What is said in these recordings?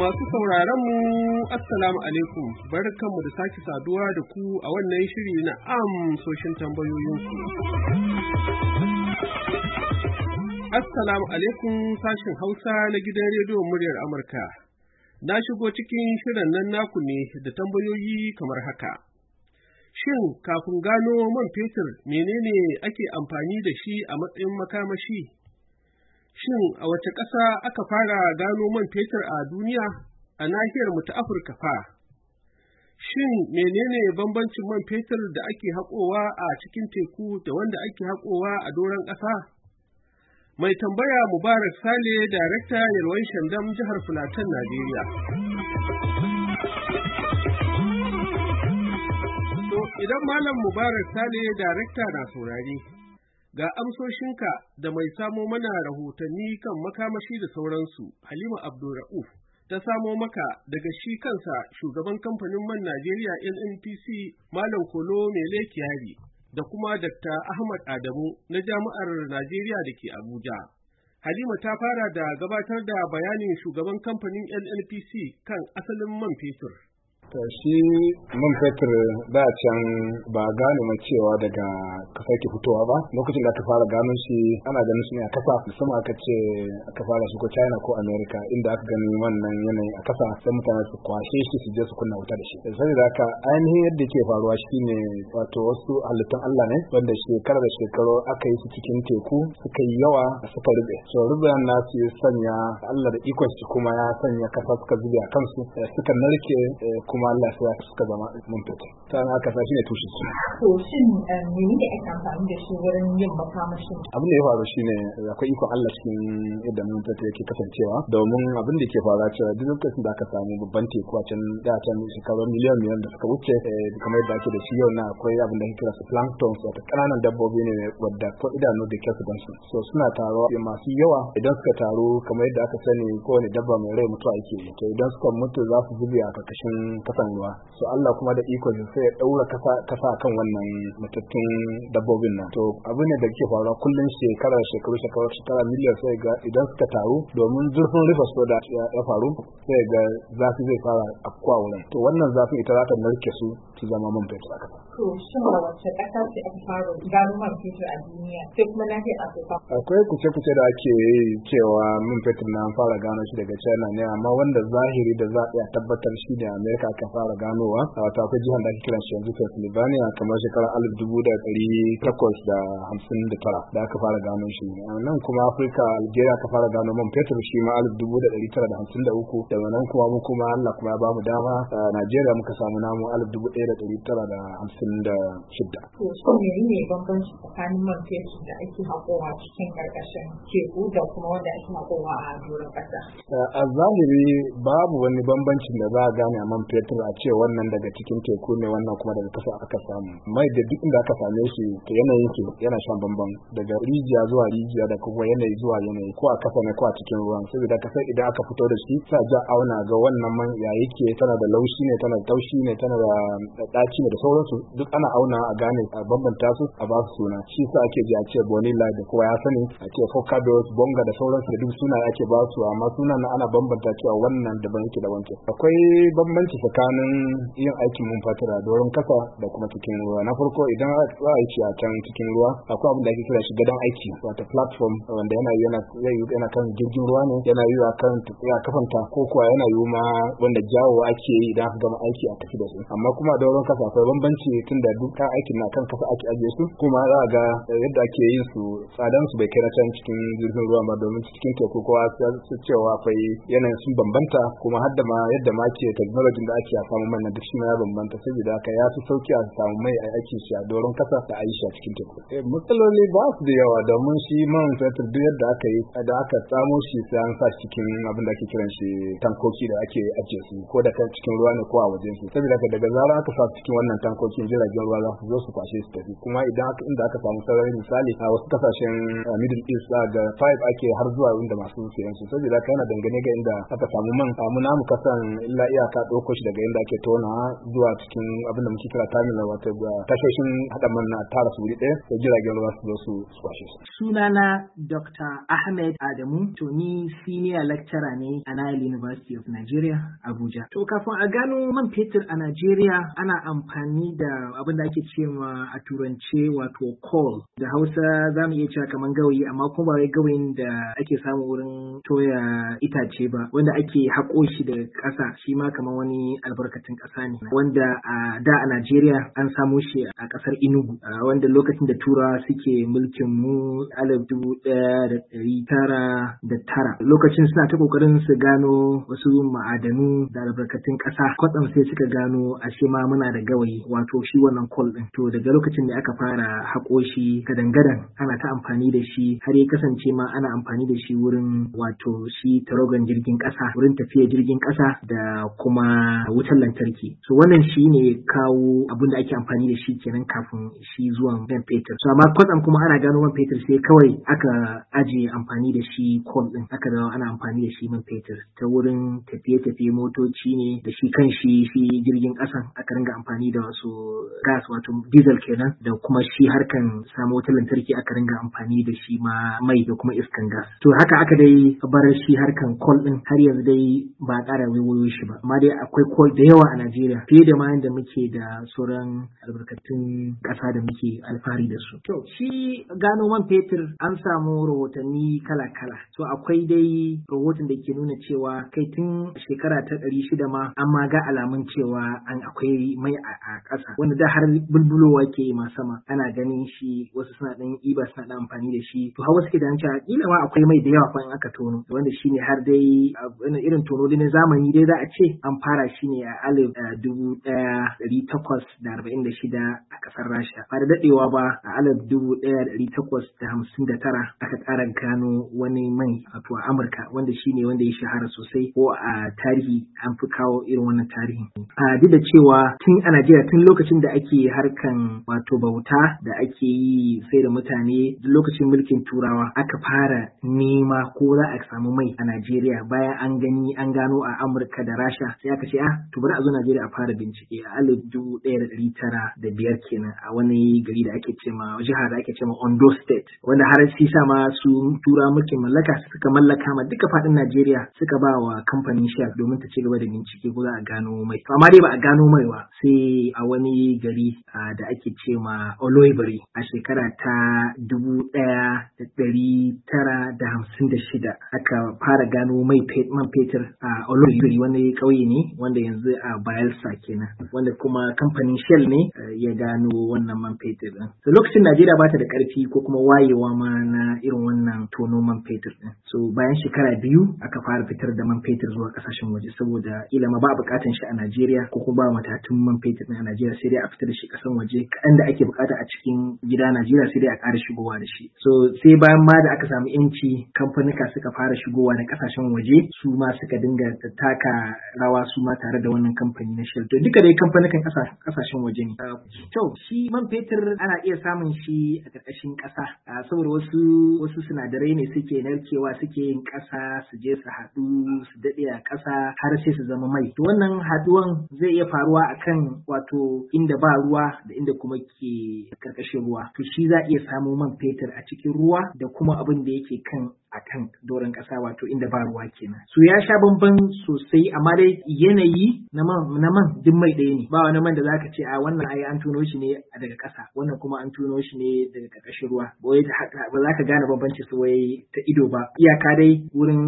Masu sauraron mu Assalamu alaikum barkanmu da sake saduwa da ku a wannan shiri na amsoshin tambayoyinku. Assalamu alaikum sashin Hausa na gidan rediyon muryar Amurka. Na shigo cikin shirin nan naku ne da tambayoyi kamar haka. Shin kafin gano man fetur menene ake amfani da shi a matsayin makamashi? Shin a wace ƙasa aka fara gano man fetur a duniya a nahiyar mu ta Afirka fa? Shin menene bambancin man fetur da ake haƙowa a cikin teku da wanda ake haƙowa a doron ƙasa? Mai tambaya Mubarak Sale, Darakta Yalwan Shandam Jihar Fulatan, Najeriya. To, idan Malam Mubarak Sale, Darakta na saurari. Ga amsoshinka da mai samo mana rahotanni kan makamashi da sauransu, Halima Abdulra'uf ta samo maka daga shi kansa shugaban kamfanin man Najeriya NNPC Malam Kolo Mele Kyari da kuma Dr. Ahmad Adamu na Jami'ar Najeriya da ke Abuja. Halima ta fara da gabatar da bayanin shugaban kamfanin NNPC kan asalin man fetur. to shi man fetur da can ba gane mai cewa daga kasa ke fitowa ba lokacin da aka fara gano shi ana ganin su ne a kasa musamman aka ce aka fara su ko china ko america inda aka gani wannan yanayi a kasa sai mutane su kwashe shi su je su kunna wuta da shi sani da haka ainihin yadda ke faruwa shi ne wato wasu halittun allah ne wanda shekara da shekaru aka yi su cikin teku suka yi yawa suka rube so ruben nasu ya sanya allah da ikon shi kuma ya sanya kasa suka zube a kansu suka narke eh, kuma kuma Allah ya suka zama mintata ta na aka sai shine tushe su to shin eh, menene ne ake amfani da shi wurin yin makamashi abin da ya faru shine akwai iko Allah cikin yadda mintata yake kasancewa domin abin da yake faruwa cewa duk lokacin da aka samu babban teku a can da can shekarar miliyan miliyan da suka wuce eh, kamar yadda ake da shi yau na akwai abin da ake kira su plankton su wato kananan dabbobi ne wadda ko idanu da ke su gansu so suna taro masu yawa idan suka taro kamar yadda aka sani kowane dabba mai rai mutuwa yake to idan suka mutu za su zubi a karkashin kasan ruwa so Allah kuma da iko ne sai ya daura kasa kasa kan wannan matattun dabbobin nan to abu ne da ke faruwa kullun shekara shekaru shekaru shekara miliyan sai ga idan suka taru domin zurfin rufe so da ya faru sai ga zafi zai fara afkuwa wurin to wannan zafin ita za ta narke su fi zama man fetur Ko to shin wace ƙasa ce aka fara gano man fetur a duniya sai kuma na nahiyar afirka akwai kuce-kuce da ake yi cewa man fetur na fara gano shi daga china ne amma wanda zahiri da za a tabbatar shi da amerika aka fara ganowa a wata akwai jihar da ake kiran shi yanzu pennsylvania kamar shekarar alif dubu da ɗari takwas da hamsin da tara da aka fara gano shi nan kuma afirka algeria aka fara gano man fetur shi ma alif dubu da ɗari tara da hamsin da uku daga nan kuma mu kuma allah kuma ya bamu dama najeriya muka samu namu alif dubu ɗaya da ɗari tara da hamsin da shida. To, so mene bambanci tsakanin man fetur da ake haƙowa cikin ƙarƙashin teku da kuma wanda ake haƙowa a doron ƙasa? Eh, a zahiri babu wani bambancin da za a gane a man fetur a ce wannan daga cikin teku ne wannan kuma daga ƙasa aka samu. Mai da duk inda aka same shi to yanayin su yana shan bambam daga rijiya zuwa rijiya da kuma yanayi zuwa yanayi ko a ƙasa ne ko a cikin ruwan saboda kasar idan aka fito da shi sa ja auna ga wannan man ya yake tana da laushi ne tana da taushi ne tana da daci da sauransu duk ana auna a gane a bambanta su a ba su suna shi sa ake ji a ce bonilla da kowa ya sani a ce focados bonga da sauransu da duk suna ake ba su amma suna na ana bambanta cewa wannan da ban yake da wancan akwai bambanci tsakanin yin aikin da doron kasa da kuma cikin ruwa na farko idan za a yi a can cikin ruwa akwai abin da ake kira shi gadon aiki wata platform wanda yana yana yana kan jirgin ruwa ne yana yi kan tafiya kafanta ko kuwa yana yi ma wanda jawo ake yi idan aka gama aiki a tafi da su amma kuma da sauran kasa akwai bambanci tun da duk kan aikin na kan kasa ake ajiye su kuma za ga yadda ake yin su tsadan su bai kai na can cikin jirgin ruwa ba domin cikin teku ko su cewa akwai yanayin sun bambanta kuma har da ma yadda ma ke technology da ake a samun mai na duk shi ya bambanta saboda haka ya fi sauki a samu mai a aiki shi a doron kasa da a yi shi a cikin teku. Eh, matsaloli ba su da yawa domin shi man fetur duk yadda aka yi da aka tsamo shi sai an sa cikin abin da ake kiran shi tankoki da ake ajiye su ko da kan cikin ruwa ne ko a wajen su saboda daga zarar aka sa cikin wannan tankokin jiragen ruwa za su zo su kwashe su tafi kuma idan inda aka samu sarari misali a wasu kasashen eh, middle east da five ake har zuwa inda masu sayan su saboda haka yana dangane ga inda aka samu man mu namu kasan illa iyaka ɗauko shi daga inda ake tona zuwa cikin abin da muke kira terminal wato eh, tashoshin haɗa man na tara su wuri ɗaya da jiragen ruwa su zo su kwashe su. sunana dr ahmed adamu to ni senior lecturer ne a nile university of nigeria abuja to kafin a gano man fetur a nigeria ana ana amfani da abin da ake ce a turance wato call da hausa za mu iya cewa kamar gawayi amma kuma ba wai gawayin da ake samu wurin toya itace ba wanda ake haƙo shi daga ƙasa shi ma kamar wani albarkatun ƙasa ne wanda a da a Najeriya an samo shi a ƙasar Enugu wanda lokacin da Turawa suke mulkin mu alif dubu ɗaya da ɗari tara da tara lokacin suna ta ƙoƙarin su gano wasu ma'adanu da albarkatun ƙasa kwatsam sai suka gano a shi ma muna da gawayi wato shi wannan kol din to daga lokacin da aka fara haƙo shi gadangadan ana ta amfani da shi har ya kasance ma ana amfani da shi wurin wato shi tarogan jirgin ƙasa wurin tafiya jirgin ƙasa da kuma wutar lantarki so wannan shi ne kawo abin da ake amfani da shi kenan kafin shi zuwan man fetur so amma kwatsam kuma ana gano man fetur sai kawai aka ajiye amfani da shi kol ɗin aka dawo ana amfani da shi man fetur ta wurin tafiye-tafiye motoci ne da shi kan shi shi jirgin ƙasan a ringa amfani da wasu gas wato diesel kenan da kuma shi harkan samu wutar lantarki aka ringa amfani da shi ma mai da kuma iskan gas to haka aka dai bar shi harkan coal din har yanzu dai ba a ƙara waiwayo shi ba amma dai akwai coal da yawa a Najeriya fiye da ma da muke da sauran albarkatun ƙasa da muke alfahari da su to shi gano man fetur an samu rahotanni kala-kala to akwai dai rahoton da ke nuna cewa kai tun shekara ta ɗari shida ma an ma ga alamun cewa an akwai mai a ƙasa wanda da har bulbulowa ke yi ma sama ana ganin shi wasu suna ɗan iba suna ɗan amfani da shi to hawa suke da cewa kila ma akwai mai da yawa kuma in aka tono wanda shine har dai irin tono na zamani dai za a ce an fara shi ne a alif dubu ɗaya ɗari takwas da arba'in da shida a ƙasar Rasha ba da daɗewa ba a alif dubu ɗaya ɗari takwas da hamsin da tara aka ƙara gano wani mai wato a Amurka wanda shine wanda ya shahara sosai ko a tarihi an fi kawo irin wannan tarihi. A duk da cewa tun a Najeriya tun lokacin da ake harkan wato bauta da ake yi sai da mutane lokacin mulkin turawa aka fara nema ko za a samu mai a Najeriya bayan an gani an gano a Amurka da Rasha sai aka ce ah to bari a zo Najeriya a fara bincike a alif dubu ɗaya da ɗari tara da biyar kenan a wani gari da ake cema jihar da ake cema Ondo State wanda har shi sa ma su tura mulkin mallaka suka mallaka ma duka faɗin Najeriya suka ba wa kamfanin Shell domin ta ci gaba da bincike ko za a gano mai amma dai ba a gano mai ba sai a wani gari da ake ce ma Oloibiri a shekara ta dubu ɗaya da ɗari tara da hamsin da shida aka fara gano mai man fetur a Oloibiri wani ƙauye ne wanda yanzu a Bayelsa kenan wanda kuma kamfanin Shell ne eh, ya gano wannan man fetur ɗin. So lokacin Najeriya ba ta da ƙarfi ko kuma wayewa ma na irin wannan tono man fetur ɗin. So bayan shekara biyu aka fara fitar da man fetur zuwa ƙasashen waje saboda ilama ba a buƙatan shi a Najeriya ko kuma ba matatun man fetur na Najeriya sai dai a fitar da shi kasan waje kaɗan da ake bukata a cikin gida Najeriya sai dai a ƙara shigowa da shi. So sai bayan ma da aka samu yanci kamfanika suka fara shigowa na ƙasashen waje su ma suka dinga taka rawa su ma tare da wannan kamfani na Shell. To duka dai kamfanikan ƙasashen waje ne. To shi man fetur ana iya samun shi a ƙarƙashin ƙasa saboda wasu wasu sinadarai ne suke narkewa suke yin ƙasa su je su haɗu su daɗe a ƙasa har sai su zama mai. To wannan haɗuwan zai iya faruwa a kan, wato inda ba ruwa da inda kuma ke karkashin ruwa to shi za a iya samo man fetur a cikin ruwa da kuma abin da yake kan a kan doron ƙasa wato inda ba ruwa kenan. Su ya sha bamban sosai amma dai yanayi na man duk mai ɗaya ne ba wani man da za ka ce a wannan ai an tuno shi ne daga ƙasa wannan kuma an tuno shi ne daga ƙarƙashin ruwa ba haka ba za ka gane bambanci su wai ta ido ba iyaka dai wurin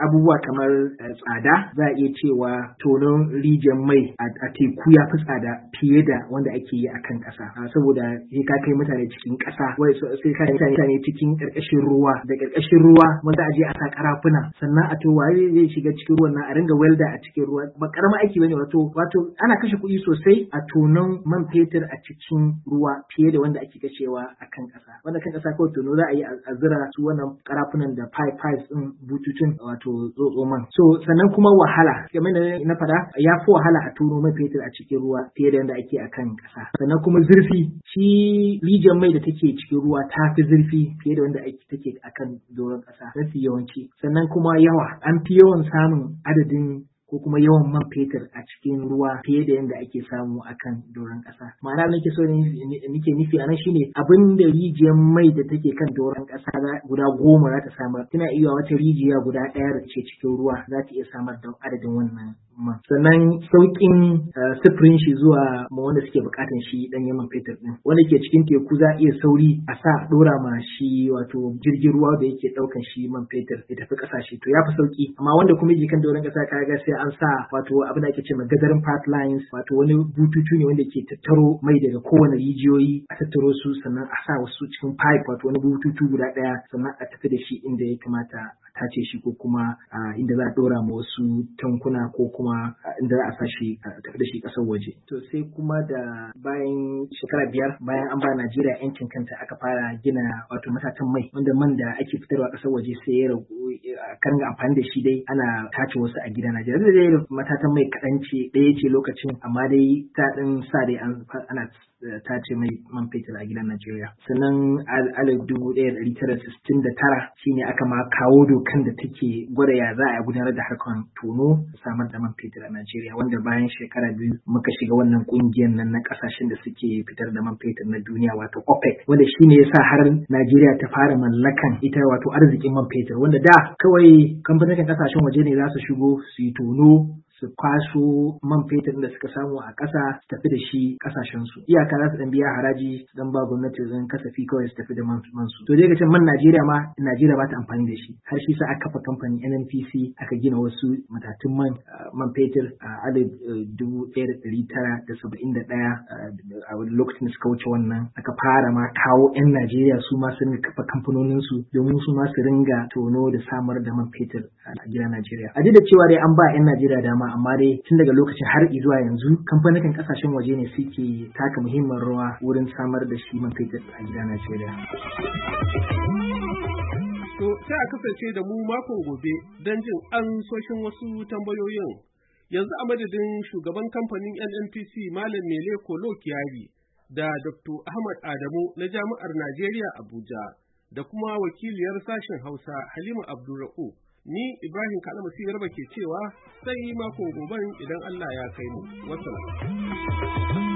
abubuwa kamar eh, tsada za a iya cewa tonon rijiyar mai a teku ya fi tsada fiye da wanda ake yi a kan ƙasa ah, saboda sai ka kai mutane cikin ƙasa wai sai ka kai mutane cikin ƙarƙashin ruwa da ƙarƙashin ruwa ruwa wanda aje a sa karafuna sannan a to waye zai shiga cikin ruwan nan a ringa welda a cikin ruwa ba karama aiki bane wato wato ana kashe kuɗi sosai a tonon man fetur a cikin ruwa fiye da wanda ake kashewa a kan ƙasa wanda kan ƙasa kawai tono za a yi a zira su wannan karafunan da pipe pipes din bututun wato tsotso man so sannan kuma wahala game da na fada ya fi wahala a tono man fetur a cikin ruwa fiye da yadda ake a kan ƙasa sannan kuma zurfi shi rijiyar mai da take cikin ruwa ta fi zurfi fiye da wanda ake take a kan doron ƙasa ƙasa yawanci sannan kuma yawa an fi yawan samun adadin ko kuma yawan man fetur a cikin ruwa fiye da yadda ake samu akan doron ƙasa. Ma'ana nake so nake nufi a nan shine abin da rijiyar mai da take kan doron ƙasa guda goma za ta samar tana iya wata rijiya guda ɗaya da ke cikin ruwa za ta iya samar da adadin wannan sannan sauƙin eh, sufurin shi zuwa ma wanda suke buƙatar shi dan yaman fetur ɗin, wanda ke cikin teku za a iya sauri a sa dora ma shi wato jirgin ruwa da yake ɗaukan shi man fetur ya tafi ƙasashe to ya fi sauƙi, amma wanda kuma yake kan doron ƙasa ka ga sai an sa wato abin da ake ce ma magadarin lines wato wani bututu ne wanda ke tattaro mai daga kowane rijiyoyi a tattaro su sannan a sa wasu cikin pipe wato wani bututu guda ɗaya sannan a tafi da shi inda ya kamata a tace shi ko kuma ah, inda za a dora ma wasu tankuna ko kuma kuma inda za a sa shi da shi ƙasar waje. To sai kuma da bayan shekara biyar bayan an ba Najeriya 'yancin kanta aka fara gina wato matatan mai wanda man da ake fitarwa ƙasar waje sai ya ragu kan ga amfani da shi dai ana tace wasu a gida Najeriya zai dai matatan mai kaɗan ce ɗaya ce lokacin amma dai ta ɗin sa dai ana eh, tace mai man fetur a gidan Najeriya. Sannan alif dubu ɗaya ɗari tara sittin da tara shine aka ma kawo dokan da take gwada ya za a gudanar da harkar tono samar da man fetur a Najeriya wanda bayan shekara biyu muka shiga wannan kungiyar nan na kasashen da suke fitar da man fetur na duniya wato OPEC wanda shine sa har Najeriya ta fara mallakan ita wato arzikin man fetur wanda da kawai kamfanin kasashen waje ne za su shigo su yi tono su kwaso man fetur da suka samu a ƙasa su tafi da shi ƙasashen su iyaka za su dan biya haraji su dan ba gwamnati zan kasafi kawai su tafi da man su to dai ga man Najeriya ma Najeriya ba ta amfani da shi har shi sa aka kafa kamfani NNPC aka gina wasu matatun man man fetur a alif eh, dubu ɗaya da ɗari tara da saba'in da ɗaya a lokacin da suka wuce wannan aka fara ma kawo 'yan Najeriya su ma su kafa kamfanonin su domin su ma su ringa tono da samar da man fetur a gida Najeriya a duk da cewa dai an ba 'yan Najeriya dama amma dai tun daga lokacin har zuwa yanzu kamfanin kasashen waje ne suke taka muhimmin rawa wurin samar da shi man fetur a gida Najeriya. To sai a kasance da mu makon gobe don jin an soshin wasu tambayoyin. Yanzu a madadin shugaban kamfanin NNPC Malam Mele Kolo Kiyari da Dr. Ahmad Adamu na Jami'ar Najeriya Abuja da kuma wakiliyar sashen Hausa Halima Abdulra'u. ni ibrahim kalama siyarba ke cewa sai makon gobe idan allah ya kai mu wasu